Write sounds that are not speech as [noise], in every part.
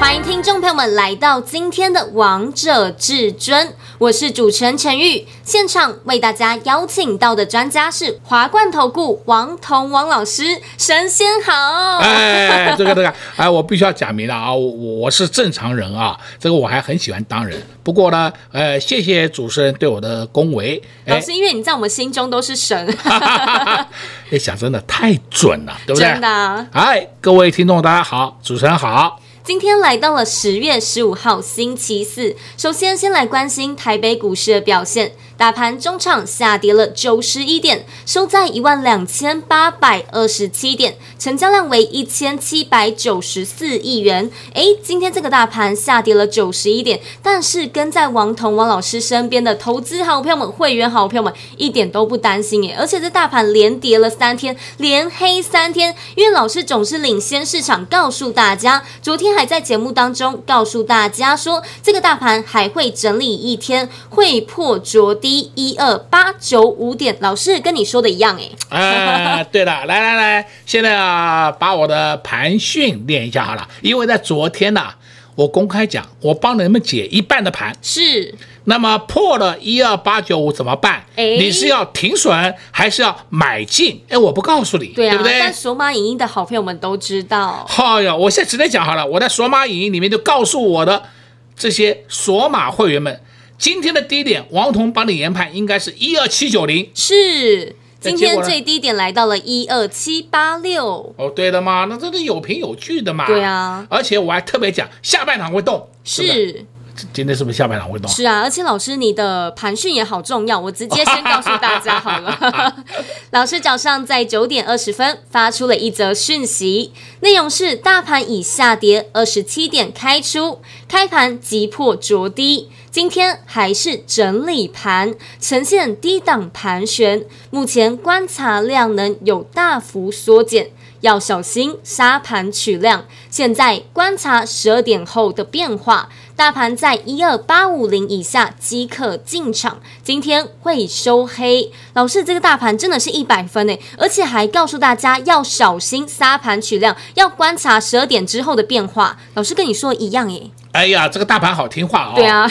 歡迎聽眾朋友們來到今天的《王者至尊》，我是主持人陳玉。現場為大家邀請到的專家是華冠投顧王童王老師，神仙好！哎，這個這個，哎，我必須要講明了啊，我我是正常人啊，這個我還很喜歡當人。不過呢，呃，謝謝主持人對我的恭維，哎、老師，因為你在我們心中都是神。 [laughs] 哎，講真的太準了，對不對？真的、啊。哎，各位聽眾大家好，主持人好。今天來到了十月十五號星期四，首先先來關心台北股市的表現。大盤終場下跌了九十一點，收在一萬兩千八百二十七點，成交量為一千七百九十四億元。哎，今天這個大盤下跌了九十一點，但是跟在王彤王老師身邊的投資好朋友們、會員好朋友們一點都不擔心哎。而且這大盤連跌了三天，連黑三天，因為老師總是領先市場告訴大家，昨天還在節目當中告訴大家說，這個大盤還會整理一天，會破着底。一、一二、八、九、五點，老師跟你說的一樣誒。啊、哎，對了， [laughs] 來來來，現在啊，把我的盤訓練一下好了，因為在昨天吶、啊，我公開講，我幫你們解一半的盤是。那麼破了一二八九五怎麼辦、哎？你是要停損還是要買進？哎，我不告訴你，對、啊、對不對？但索馬影音的好朋友們都知道。好、哦、呀，我現在直接講好了，我在索馬影音裡面就告訴我的這些索馬會員們。今天的低點，王彤幫你研判，應該是一二七九零。是，今天最低點來到了一二七八六。哦，對了嘛，那這是有憑有據的嘛。對啊，而且我還特別講，下半場會動。是，對不對？今天是不是下半場會動？是啊，而且老師，你的盤訊也好重要，我直接先告訴大家好了。 [laughs] [laughs] 老師早上在九點二十分發出了一則訊息，內容是大盤已下跌二十七點開出，開出開盤即破昨低。今天還是整理盤，呈現低檔盤旋。目前觀察量能有大幅縮減，要小心殺盤取量。現在觀察十二點後的變化，大盤在一二八五零以下即可進場。今天會收黑。老師，這個大盤真的是一百分哎，而且還告訴大家要小心殺盤取量，要觀察十二點之後的變化。老師跟你說一樣哎。哎呀，這個大盤好聽話哦。對啊，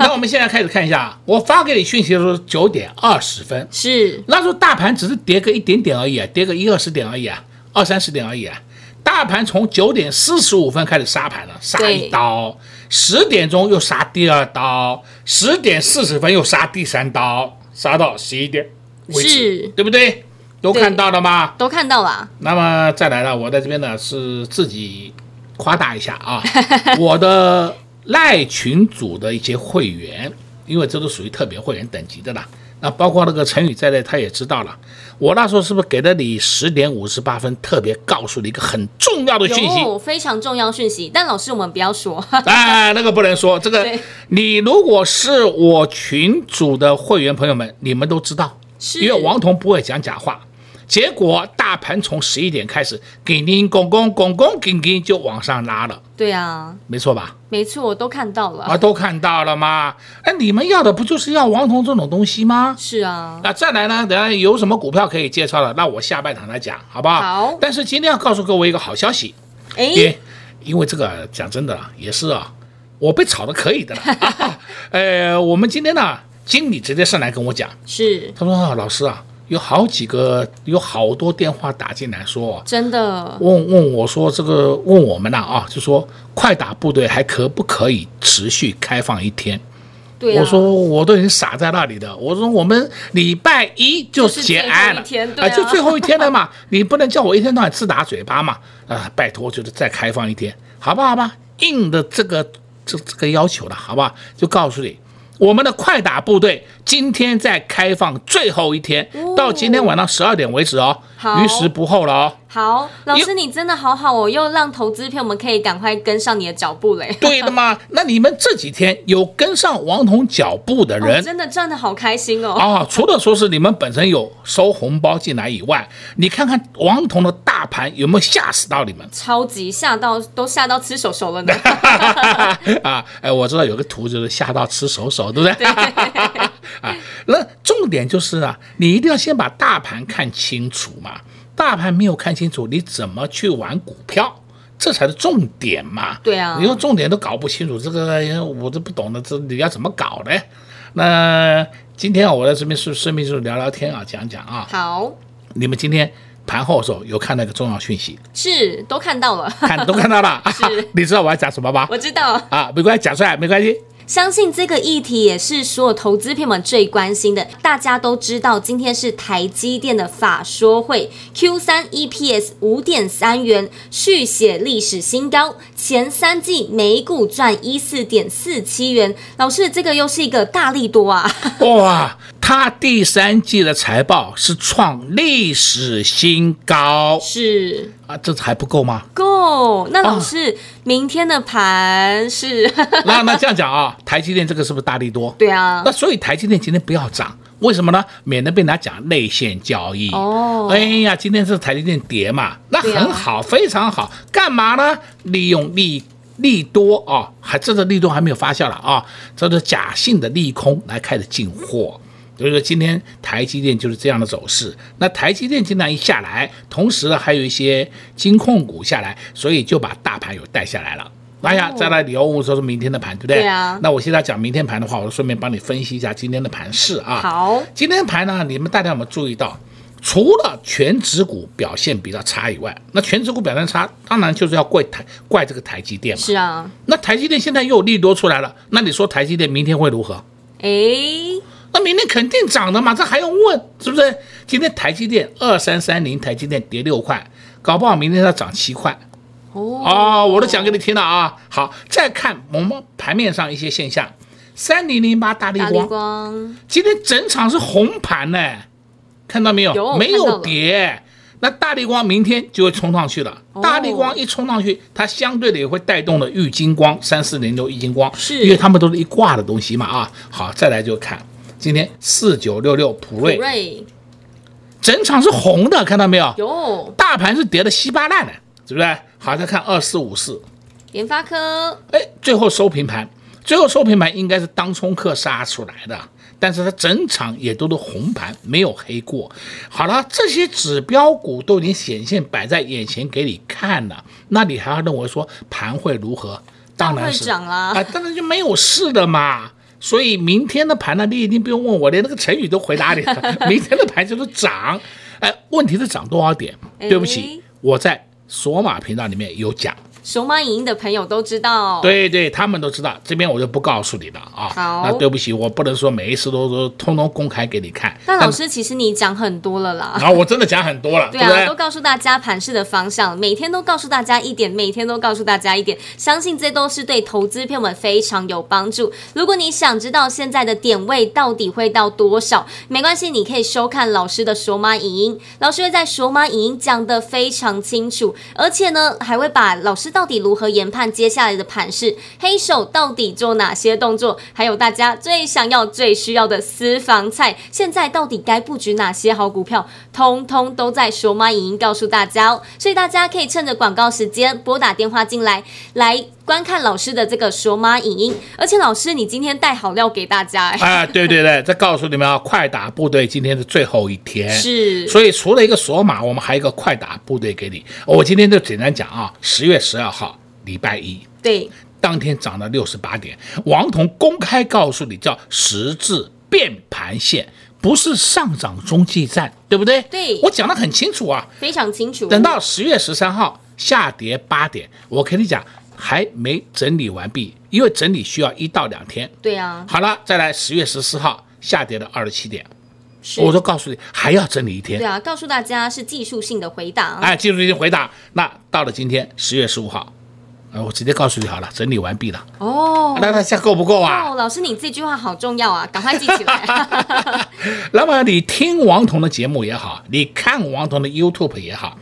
那我們現在開始看一下， [laughs] 我發給你訊息的時候九點二十分，是，那時候大盤只是跌個一點點而已啊，跌個一二十點而已啊，二三十點而已啊，大盤從九點四十五分開始殺盤了，殺一刀，十點鐘又殺第二刀，十點四十分又殺第三刀，殺到十一點為止，是，對不對？都看到了嗎？都看到了。那麼再來了，我在這邊呢是自己。誇大一下啊！ [laughs] 我的賴群組的一些會員，因為這都屬於特別會員等級的啦。那包括那個陳宇在內，他也知道了。我那時候是不是給了你十點五十八分？特別告訴你一個很重要的訊息，非常重要訊息。但老師，我們不要說。 [laughs] 哎，那個不能說。這個，你如果是我群組的會員朋友們，你們都知道，是因為王彤不會講假話。結果大盤從十一點開始，滾滾滾滾滾滾就往上拉了。對啊，沒錯吧？沒錯，我都看到了啊，都看到了嗎？哎，你們要的不就是要王彤這種東西嗎？是啊。那、啊、再來呢？等下有什麼股票可以介紹的？那我下半場來講，好不好？好。但是今天要告訴各位一個好消息，誒，欸、因為這個講真的了也是啊，我被炒的可以的了、 [laughs] 啊。呃，我們今天呢，經理直接上來跟我講，是，他說、啊、老師啊。有好幾個，有好多電話打進來說、啊，真的問問我說這個問我們吶啊，啊，就說快打部隊還可不可以持續開放一天？對、啊，我說我都已經傻在那裡的，我說我們禮拜一就結案了，就是、啊、呃，就最後一天了嘛， [laughs] 你不能叫我一天到晚自打嘴巴嘛，啊、呃，拜託，就是再開放一天，好不好吧？應的這個這這個要求了，好不好，就告訴你。我們的快打部隊今天在開放最後一天，到今天晚上十二點為止哦，好，逾時不候了哦。好，老師你真的好好、哦，我又讓投資票，我們可以趕快跟上你的腳步嘞。對的嘛， [laughs] 那你們這幾天有跟上王彤腳步的人，哦、真的賺得好開心哦。啊、哦，除了說是你們本身有收紅包進來以外， [laughs] 你看看王彤的大盤有沒有嚇死到你們？超級嚇到，都嚇到吃手手了呢。 [laughs] [laughs] 啊、欸，我知道有個圖就是嚇到吃手手，對不對？對 [laughs] 。啊，那重點就是啊，你一定要先把大盤看清楚嘛。大盤沒有看清楚，你怎麼去玩股票？這才是重點嘛。對啊，你連重點都搞不清楚，這個我都不懂的。這你要怎麼搞嘞？那今天我在這邊順順便就是聊聊天啊，講講啊。好，你們今天盤後的時候有看到一個重要訊息？是，都看到了，看都看到了、 [laughs] 啊。你知道我要講什麼嗎？我知道啊，沒關係，講出來沒關係。相信這個議題也是所有投資朋友們最關心的。大家都知道，今天是台積電的法說會，Q3 EPS 五點三元，續寫歷史新高。前三季每股賺一四點四七元。老師，這個又是一個大利多啊！哇。他第三季的財報是創歷史新高，是啊，這次還不夠嗎？夠。那老師，哦、明天的盤是？那那這樣講啊、哦，台積電這個是不是大利多？對啊。那所以台積電今天不要漲，為什麼呢？免得被人家講內線交易。哦。哎呀，今天是台積電跌嘛，那很好、啊，非常好。幹嘛呢？利用利利多啊、哦，還這個利多還沒有發酵了啊、哦，這是、個、假性的利空來開始進貨。嗯所以說今天台積電就是這樣的走勢。那台積電今天一下來，同時呢還有一些金控股下來，所以就把大盤又帶下來了。那、哎、呀，再來你要問我說是明天的盤對不對？對啊。那我現在講明天盤的話，我就順便幫你分析一下今天的盤勢啊。好。今天盤呢，你們大家有沒有注意到？除了權值股表現比較差以外，那權值股表現差，當然就是要怪台怪這個台積電嘛。是啊。那台積電現在又有利多出來了，那你說台積電明天會如何？哎。那明天肯定漲的嘛，這還用問是不是？今天台積電二三三零，台積電跌六塊，搞不好明天它漲七塊。Oh. 哦，我都講給你聽了啊。好，再看我們盤面上一些現象，三零零八大立光，今天整場是紅盤呢，看到沒有？有沒有跌，那大立光明天就會衝上去了。Oh. 大立光一衝上去，它相對的也會帶動了玉晶光三四零六玉晶光，是因為他們都是一掛的東西嘛啊。好，再來就看。今天四九六六普瑞普瑞，整場是紅的，看到沒有？喲，大盤是跌的稀巴爛的，是不是？好，再看二四五四，聯發科，哎，最後收平盤，最後收平盤應該是當沖客殺出來的，但是它整場也都是紅盤，沒有黑過。好了，這些指標股都已經顯現擺在眼前給你看了，那你還要認為說盤會如何？當然漲了啊，但是就沒有事的嘛。所以明天的盤呢，你一定不用問我，連那個成語都回答你了。明天的盤就是漲，哎，問題是漲多少點？對不起，我在索馬頻道裡面有講。熊貓影音的朋友都知道，哦，對對，他們都知道。這邊我就不告訴你了啊。好，那對不起，我不能說每一次都都通通公開給你看。那老師其實你講很多了啦。啊，我真的講很多了。 [laughs] 對啊，對啊，都告訴大家盤勢的方向，每天都告訴大家一點，每天都告訴大家一點，相信這都是對投資票們非常有幫助。如果你想知道現在的點位到底會到多少，沒關係，你可以收看老師的熊貓影音，老師會在熊貓影音講得非常清楚，而且呢，還會把老師。到底如何研判接下來的盤勢？黑手到底做哪些動作？還有大家最想要、最需要的私房菜，現在到底該佈局哪些好股票？通通都在熊貓影音告訴大家哦。所以大家可以趁着廣告時間撥打電話進來，來。觀看老師的這個索馬影音，而且老師，你今天帶好料給大家。哎、啊，對對對，再 [laughs] 告訴你們啊，快打部隊今天的最後一天是，所以除了一個索馬，我們還有一個快打部隊給你。我今天就簡單講啊，十月十二號禮拜一，對，當天漲了六十八點。王彤公開告訴你，叫十字變盤線，不是上漲中繼站，對不對？對，我講得很清楚啊，非常清楚。等到十月十三號下跌八點，我跟你講。還沒整理完畢，因為整理需要一到兩天。對呀、啊。好了，再來十月十四號下跌的二十七點，我都告訴你還要整理一天。對啊，告訴大家是技術性的回檔哎，技術性回檔。那到了今天十月十五號，哎、呃，我直接告訴你好了，整理完畢了。哦。那它下夠不夠啊、哦？老師，你這句話好重要啊，趕快記起來。 [laughs] [laughs] 那麼你聽王彤的節目也好，你看王彤的 YouTube 也好，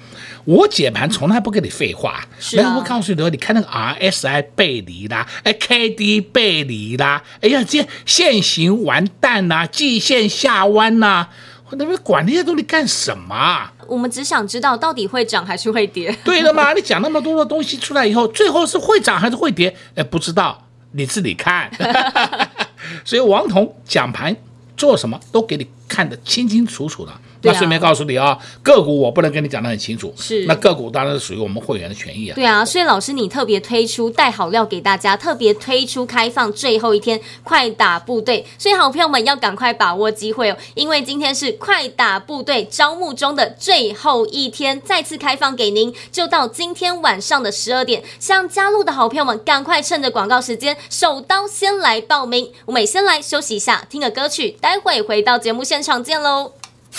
我解盤從來不跟你廢話，然後我告訴你，說你看那個 R S I 背離啦，誒 K D 背離啦，哎呀這線形完蛋啦，季線下彎啦，啊，我他媽管那些東西幹什麼？我們只想知道到底會漲還是會跌。對的嘛，你講那麼多的東西出來以後，最後是會漲還是會跌？誒，不知道，你自己看。 [laughs] [laughs] 所以王彤講盤做什麼都給你看得清清楚楚的。對，順便告訴你啊，啊，個股我不能跟你講得很清楚，是，那個股當然是屬於我們會員的權益啊。對啊，所以老師你特別推出帶好料給大家，特別推出開放最後一天快打部隊，所以好朋友們要趕快把握機會哦，因為今天是快打部隊招募中的最後一天，再次開放給您，就到今天晚上的十二點，想加入的好朋友們趕快，快趁着廣告時間手刀先來報名。我們也先來休息一下，聽個歌曲，待會回到節目現場見嘍。快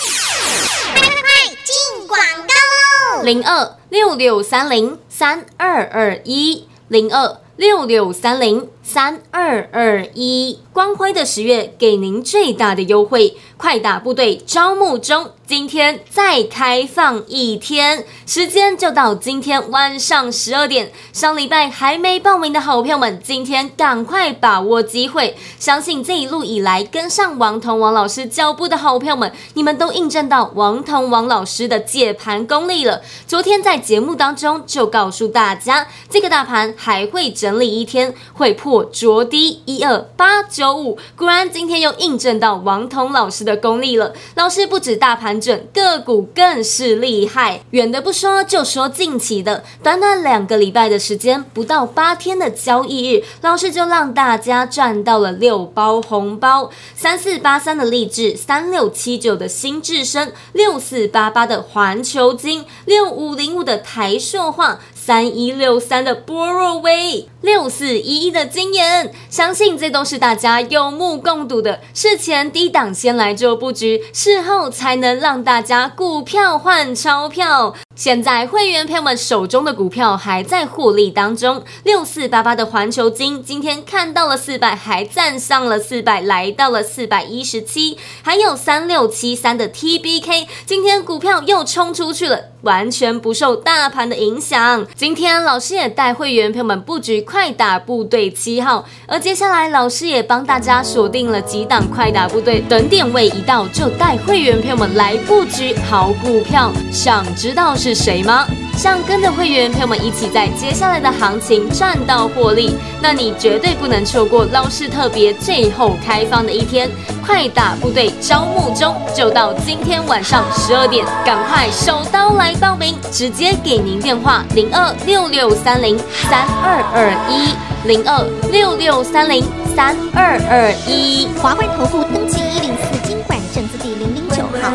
快快進廣告嘍！零二六六三零三二二一零二六六三零三二二一，光輝的十月給您最大的優惠，快打部隊招募中，今天再開放一天，時間就到今天晚上十二點。上禮拜還沒報名的好朋友們，今天趕快把握機會。相信這一路以來跟上王彤王老師腳步的好朋友們，你們都印證到王彤王老師的解盤功力了。昨天在節目當中就告訴大家，這個大盤還會整理一天，會破。着低一二八九五，果然今天又印證到王彤老師的功力了。老師不止大盤準，個股更是厲害。遠的不說，就說近期的，短短兩個禮拜的時間，不到八天的交易日，老師就讓大家賺到了六包紅包：三四八三的力致，三六七九的新至陞，六四八八的環球晶，六五零五的台塑化，三一六三的波若威。六四一一的經驗，相信這都是大家有目共睹的。事前低檔先來做布局，事後才能讓大家股票換鈔票。現在會員朋友們手中的股票還在獲利當中。六四八八的環球金今天看到了四百，還站上了四百，來到了四百一十七。還有三六七三的 TBK，今天股票又衝出去了，完全不受大盤的影響。今天老師也帶會員朋友們布局。快打部隊七號，而接下來老師也幫大家鎖定了幾檔快打部隊，等點位一到就帶會員朋友們來布局好股票。想知道是誰嗎？想跟着會員朋友們一起在接下來的行情賺到獲利？那你絕對不能錯過老師特別最後開放的一天，快打部隊招募中，就到今天晚上十二點，趕快手刀來報名，直接給您電話零二六六三零三二二，一零二六六三零三二二一，華冠頭部登記一零四金管證字第零零九號。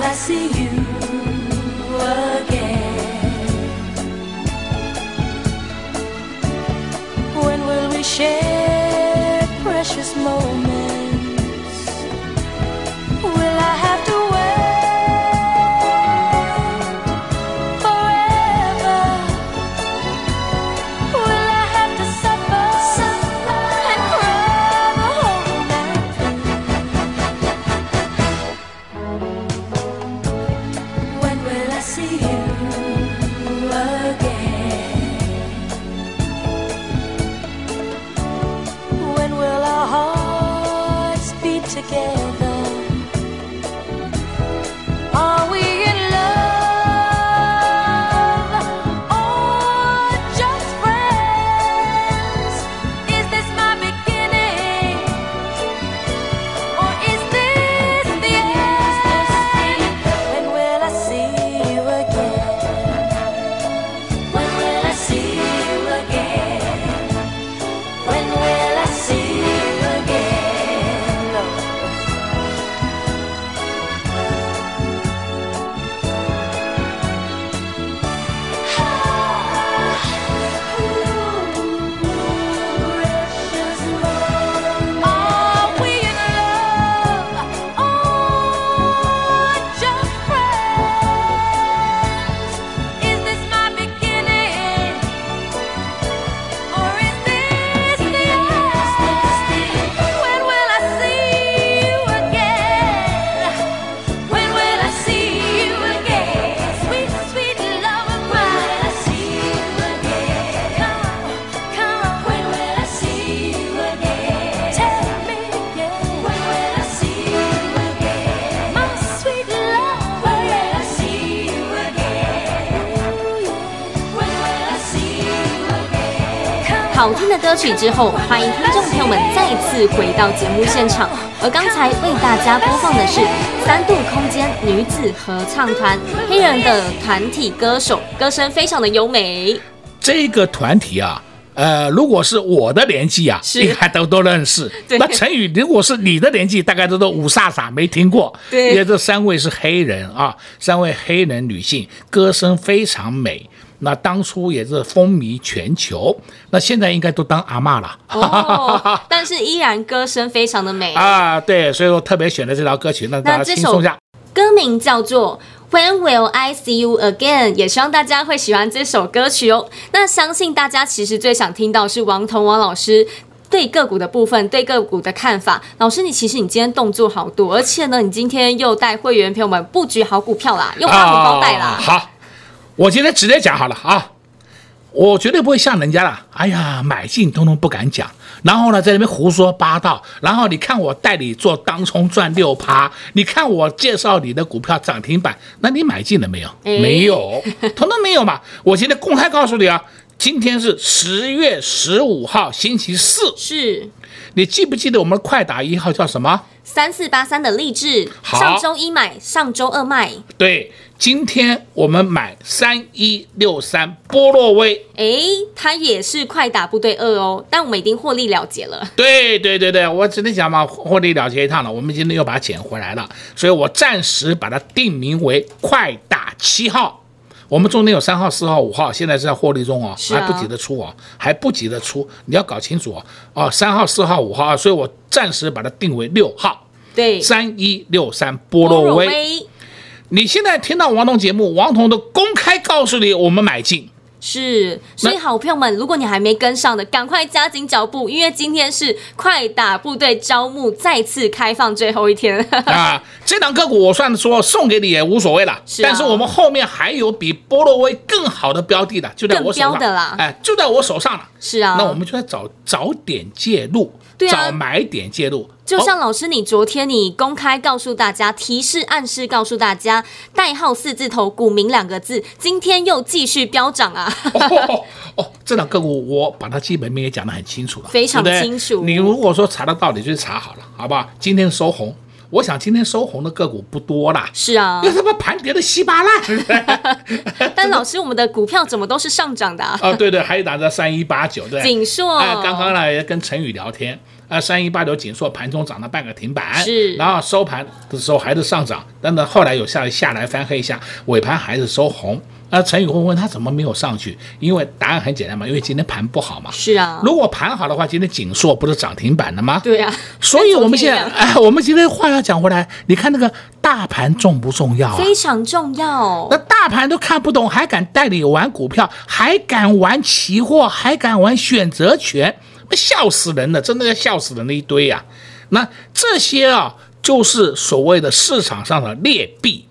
When will 好聽的歌曲之後，歡迎聽眾朋友們再次回到節目現場。而剛才為大家播放的是三度空間女子合唱團，黑人的團體歌手，歌聲非常的優美。這個團體啊，呃，如果是我的年紀啊，應該都都認識對。那陳宇，如果是你的年紀，大概都都霧煞煞沒聽過。因為這三位是黑人啊，三位黑人女性，歌聲非常美。那當初也是風靡全球，那現在應該都當阿嬤了，哦、哈哈哈哈，但是依然歌聲非常的美啊，對，所以我特別選了這條歌曲，那大家輕鬆一下，那這首歌名叫做《When Will I See You Again》，也希望大家會喜歡這首歌曲哦。那相信大家其實最想聽到是王彤王老師對個股的部分，對個股的看法。老師，你其實你今天動作好多，而且呢，你今天又帶會員朋友們布局好股票啦，又發紅包帶啦，哦、好。我今天直接講好了啊，我絕對不會像人家了。哎呀，買進通通不敢講，然後呢，在那邊胡說八道。然後你看我帶你做當衝賺六趴，你看我介紹你的股票漲停板，那你買進了沒有？哎，沒有，通通沒有嘛。我今天公開告訴你啊，今天是十月十五號，星期四。是。你記不記得我們快打一號叫什麼？三四八三的勵志，好，上周一買，上周二賣。對，今天我們買三一六三波洛威，誒，它也是快打部隊二哦，但我們已經獲利了結了。對對對對，我只能講嘛，獲利了結一趟了，我們今天又把它撿回來了，所以我暫時把它定名為快打七號。我們中間有三號、四號、五號，現在在獲利中、哦、啊，還不急著出啊、哦，還不急著出，你要搞清楚啊、哦。哦、三號、四號、五號啊，所以我暫時把它定為六號，對，三一六三波洛威、威，你現在聽到王彤節目，王彤都公開告訴你我們買進。是，所以好朋友們，如果你還沒跟上的，趕快加緊腳步，因為今天是快打部隊招募再次開放最後一天呵呵啊！這檔個股我算說送給你也無所謂了，是、啊。但是我們後面還有比波羅威更好的標的的，就在我手上了，哎，就在我手上了，是啊。那我們就在找找點介入對、啊，找買點介入。就像老師，你昨天你公開告訴大家、哦，提示暗示告訴大家，代號四字頭，股名兩個字，今天又繼續飆漲啊哦哦！哦，這兩個股我把它基本面也講得很清楚了，非常清楚。對對你如果說查的道理，就查好了，好不好？今天收紅，我想今天收紅的個股不多了，是啊，又他媽盤跌的稀巴爛。 [laughs] [laughs] 但老師， [laughs] 我們的股票怎麼都是上漲的啊？哦，對對，還有哪隻三一八九，對，景碩，剛剛呢也跟陳宇聊天。啊、呃，三一八九景碩盤中漲了半個停板，是，然後收盤的時候還是上漲，但是後來有下來下來翻黑一下，尾盤還是收紅。啊、呃，陳宇坤問他怎麼沒有上去？因為答案很簡單嘛，因為今天盤不好嘛。是啊。如果盤好的話，今天景碩不是漲停板的嗎？對呀、啊。所以我們現在、啊哎，我們今天話要講回來，你看那個大盤重不重要、啊、非常重要。那大盤都看不懂，還敢帶你玩股票？還敢玩期貨？還敢玩選擇權？笑死人了，真的要笑死人了一堆呀、啊！那這些啊，就是所謂的市場上的劣幣。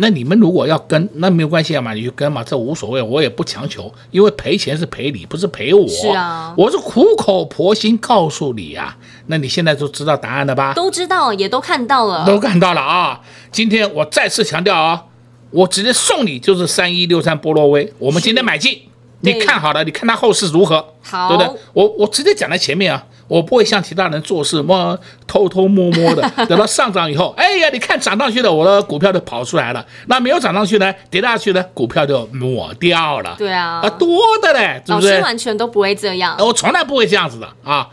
那你們如果要跟，那沒有關係啊嘛，你就跟嘛，這無所謂，我也不強求。因為賠錢是賠你，不是賠我。是啊，我是苦口婆心告訴你呀、啊。那你現在就知道答案了吧？都知道，也都看到了，都看到了啊！今天我再次強調啊，我直接送你就是三一六三波若威，我們今天買進。你看好了，你看它後市如何好，對不對？我我直接講在前面啊，我不會像其他人做事麼偷偷摸摸的，等到上漲以後， [laughs] 哎呀，你看漲上去了，我的股票就跑出來了，那沒有漲上去呢，跌下去呢，股票就抹掉了，對啊，啊多的嘞，是不是？老師完全都不會這樣，我從來不會這樣子的啊。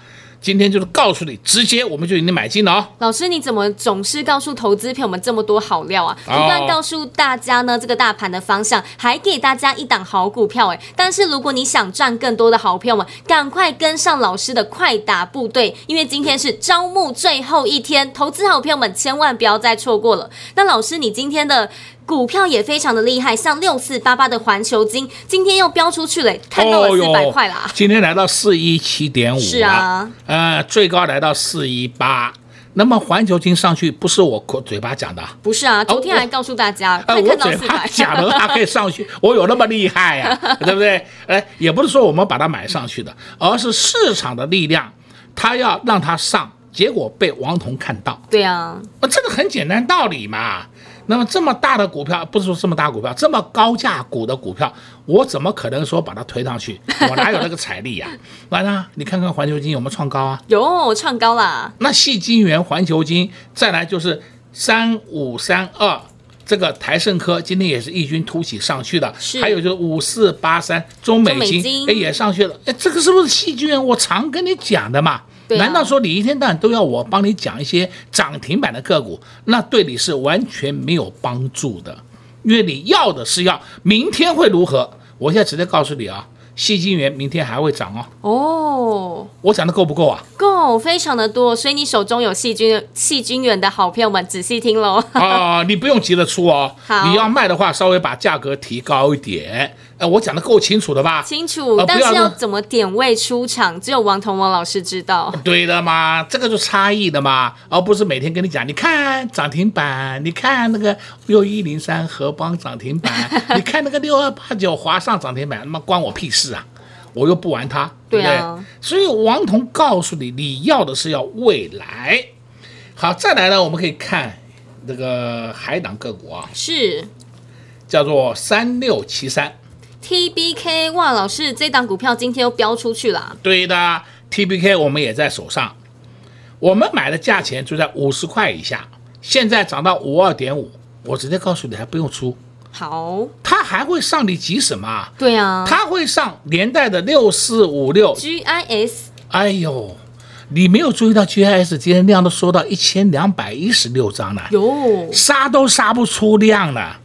今天就是告訴你，直接我們就已經買進了啊、哦！老師，你怎麼總是告訴投資朋友們這麼多好料啊？Oh. 不斷告訴大家呢，這個大盤的方向，還給大家一檔好股票哎！但是如果你想賺更多的好票們，趕快跟上老師的快打部隊，因為今天是招募最後一天，投資好朋友們千萬不要再錯過了。那老師，你今天的？股票也非常的厲害，像六四八八的環球金，今天又飆出去了，欸，看到了四百塊啦。今天來到四一七點五，是啊，呃，最高來到四一八。那麼環球金上去，不是我口嘴巴講的，啊，不是啊，昨天還告訴大家可，哦、看到四百，假如它可以上去，我有那麼厲害呀，啊， [laughs] 對不對？哎、呃，也不是說我們把它買上去的，而是市場的力量，它要讓它上，結果被王彤看到。對啊啊，呃，這個很簡單道理嘛。那麼這麼大的股票，不是說這麼大股票，這麼高價股的股票，我怎麼可能說把它推上去？我哪有那個財力呀、啊？完 [laughs] 了、啊，你看看環球晶有沒有創高啊？有，創高啦。那矽晶圓環球晶，再來就是三五三二這個台勝科，今天也是異軍突起上去的。還有就是五四八三中美晶，中美晶，也上去了。哎，這個是不是矽晶圓？我常跟你講的嘛。啊、難道說你一天到晚都要我幫你講一些漲停板的個股，那對你是完全沒有幫助的，因為你要的是要明天會如何？我現在直接告訴你啊，矽晶圓明天還會漲哦。哦，我講的夠不夠啊？夠，非常的多。所以你手中有矽晶矽晶圓的好朋友們，仔細聽嘍。啊、哦，你不用急着出哦，你要賣的話，稍微把價格提高一點。哎、呃，我講的夠清楚的吧？清楚、呃，但是要怎麼點位出場，只有王彤王老師知道。呃、對的嘛，這個就差異的嘛，而、呃、不是每天跟你講。你看漲停板，你看那個六一零三合邦漲停板， [laughs] 你看那個六二八九華上漲停板，那麼關我屁事啊！我又不玩它、啊，對不對？所以王彤告訴你，你要的是要未來。好，再來呢，我們可以看那個海港個股啊，是叫做三六七三，T B K，哇，老師，這檔股票今天又飆出去了啊。對的，T B K 我們也在手上，我們買的價錢就在五十塊以下，現在漲到五二點五，我直接告訴你還不用出。好，它還會上，你急什麼？對啊，它會上連帶的六四五六 G I S。哎呦，你沒有注意到 G I S 今天量都縮到一千兩百一十六張了，喲殺都殺不出量了。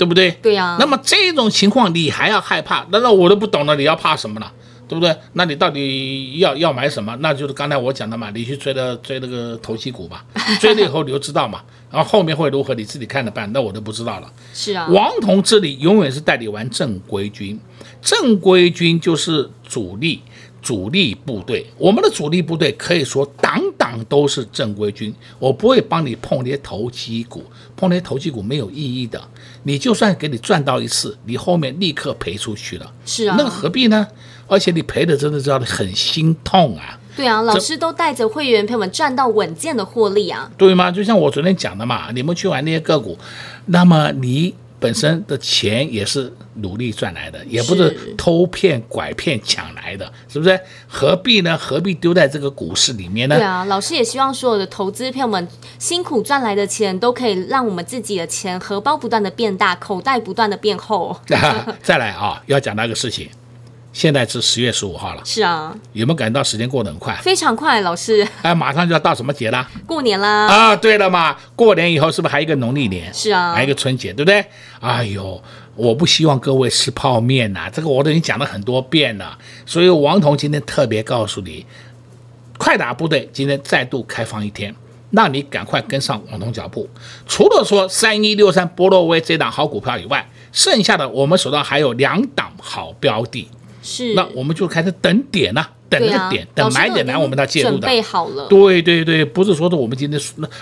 對不對？對啊。那麼這種情況你還要害怕？那那我都不懂了，你要怕什麼了？對不對？那你到底要要買什麼？那就是剛才我講的嘛，你去追了追那個投機股吧，追了以後你就知道嘛， [laughs] 然後後面會如何你自己看着辦。那我都不知道了。是啊，王同這裡永遠是帶你玩正規軍，正規軍就是主力、主力部隊。我們的主力部隊可以說黨。都是正規軍，我不會幫你碰那些投機股，碰那些投機股沒有意義的。你就算給你賺到一次，你後面立刻賠出去了，是啊，那何必呢？而且你賠的真的叫你很心痛啊。對啊，老師都帶着會員朋友們賺到穩健的獲利啊，對嗎？就像我昨天講的嘛，你們去玩那些個股，那麼你本身的錢也是努力賺來的，嗯、也不是偷騙拐騙搶來的是，是不是？何必呢？何必丟在這個股市裡面呢？對啊，老師也希望所有的投資朋友們辛苦賺來的錢，都可以讓我們自己的錢荷包不斷的變大，口袋不斷的變厚。就是啊、再來啊，要講到一個事情。現在是十月十五號了，是啊，有沒有感覺到時間過得很快？非常快，老師。哎，馬上就要到什麼節了？過年啦！啊，對了嘛，過年以後是不是還有一個農曆年？是啊，還有一個春節，對不對？哎呦，我不希望各位吃泡麵吶，啊，這個我都已經講了很多遍了。所以王彤今天特別告訴你，快打部隊今天再度開放一天，那你趕快跟上王彤腳步。除了說三一六三、波洛威這檔好股票以外，剩下的我們手上還有兩檔好標的。是，那我們就開始等點吶、啊，等那個點，啊、等買點來，我們再介入的。準備好了。對對對，不是說的我們今天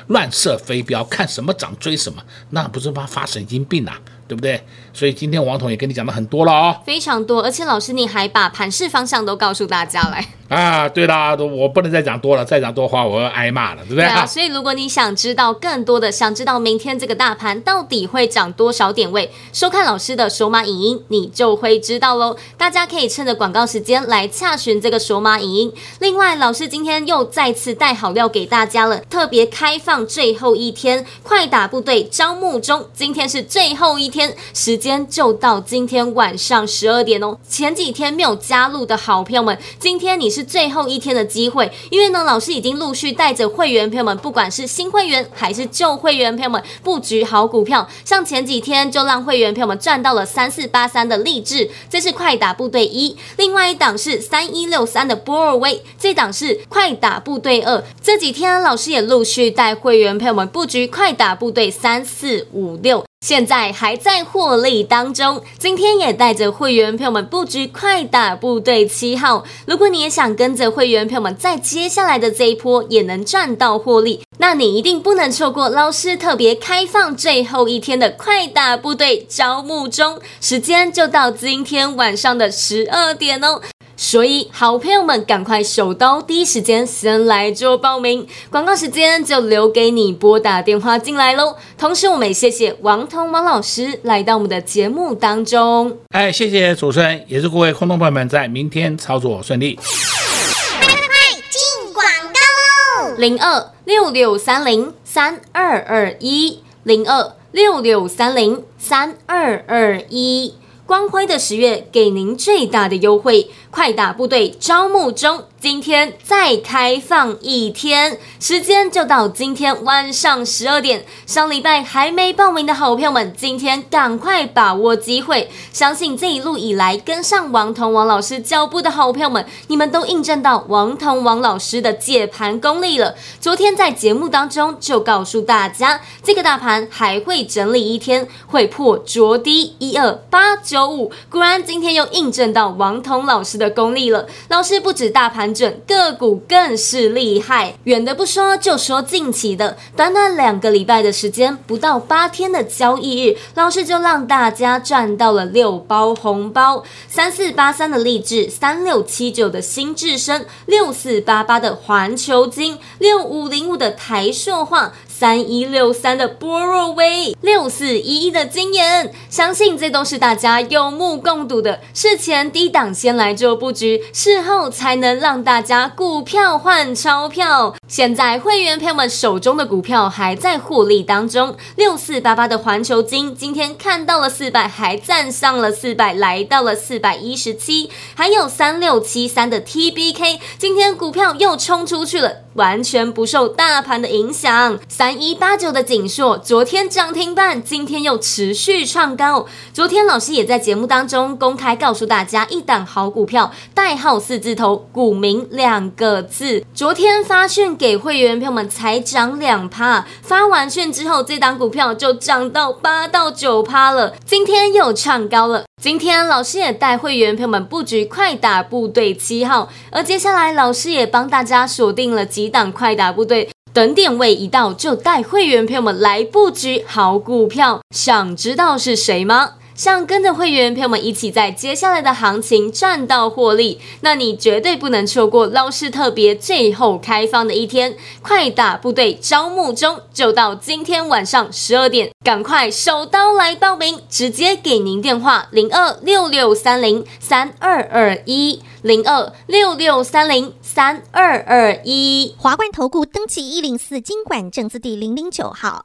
亂射飛鏢，看什麼漲追什麼，那不是怕發神經病啊，對不對？所以今天王總也跟你講的很多了哦，非常多，而且老師你還把盤勢方向都告訴大家來。啊，對啦，我不能再講多了，再講多話我要挨罵了，對不對？啊，所以如果你想知道更多的，想知道明天這個大盤到底會漲多少點位，收看老師的手馬影音，你就會知道嘍。大家可以趁着廣告時間來洽詢這個手馬影音。另外，老師今天又再次帶好料給大家了，特別開放最後一天，快打部隊招募中，今天是最後一天，時間就到今天晚上十二點哦。前幾天沒有加入的好朋友們，今天你是。是最後一天的機會，因為呢，老師已經陸續帶着會員朋友們，不管是新會員還是舊會員朋友們，布局好股票。像前幾天就讓會員朋友們賺到了三四八三的力致，這是快打部隊一；另外一檔是三一六三的波若威，這檔是快打部隊二。這幾天老師也陸續帶會員朋友們布局快打部隊三四五六。現在還在獲利當中，今天也帶着會員朋友們布局快打部隊七號。如果你也想跟着會員朋友們在接下來的這一波也能賺到獲利，那你一定不能錯過老師特別開放最後一天的快打部隊招募中，時間就到今天晚上的十二點哦。所以，好朋友們，趕快手刀，第一時間先來做報名。廣告時間就留給你撥打電話進來嘍。同時，我們也謝謝王彤王老師來到我們的節目當中。哎，謝謝主持人，也祝各位空中朋友們在明天操作順利。快快快進廣告嘍！零二六六三零三二二一，零二六六三零三二二一。光輝的十月，給您最大的優惠，快打部隊招募中。今天再開放一天，時間就到今天晚上十二點。上禮拜還沒報名的好朋友們，今天趕快把握機會。相信這一路以來跟上王彤王老師腳步的好朋友們，你們都印證到王彤王老師的解盤功力了。昨天在節目當中就告訴大家，這個大盤還會整理一天，會破昨低一二八九五。果然，今天又印證到王彤老師的功力了。老師不止大盤。個股更是厲害，遠的不說，就說近期的，短短兩個禮拜的時間，不到八天的交易日，老師就讓大家賺到了六包紅包，三四八三的力致，三六七九的新至陞，六四八八的環球晶，六五零五的台塑化。三一六三的波若威，六四一一的晶焱，相信這都是大家有目共睹的。事前低檔先來做布局，事後才能讓大家股票換鈔票。現在會員朋友們手中的股票還在獲利當中。六四八八的環球晶，今天看到了四百，還站上了四百，來到了四百一十七。還有三六七三的 T B K，今天股票又衝出去了，完全不受大盤的影響。三。一八九的景碩，昨天漲停板，今天又持續創高。昨天老師也在節目當中公開告訴大家，一檔好股票，代號四字頭，股名兩個字。昨天發訊給會員朋友們才漲兩趴，發完訊之後，這檔股票就漲到八到九趴了。今天又創高了。今天老師也帶會員朋友們布局快打部隊七號，而接下來老師也幫大家鎖定了幾檔快打部隊。等點位一到就帶會員朋友們來布局好股票，想知道是誰嗎？想跟着會員朋友們一起在接下來的行情賺到獲利，那你絕對不能錯過老師特別最後開放的一天！快打部隊招募中，就到今天晚上十二點，趕快手刀來報名，直接給您電話零二六六三零三二二一零二六六三零三二二一華冠投顧登記一零四金管證字第零零九號。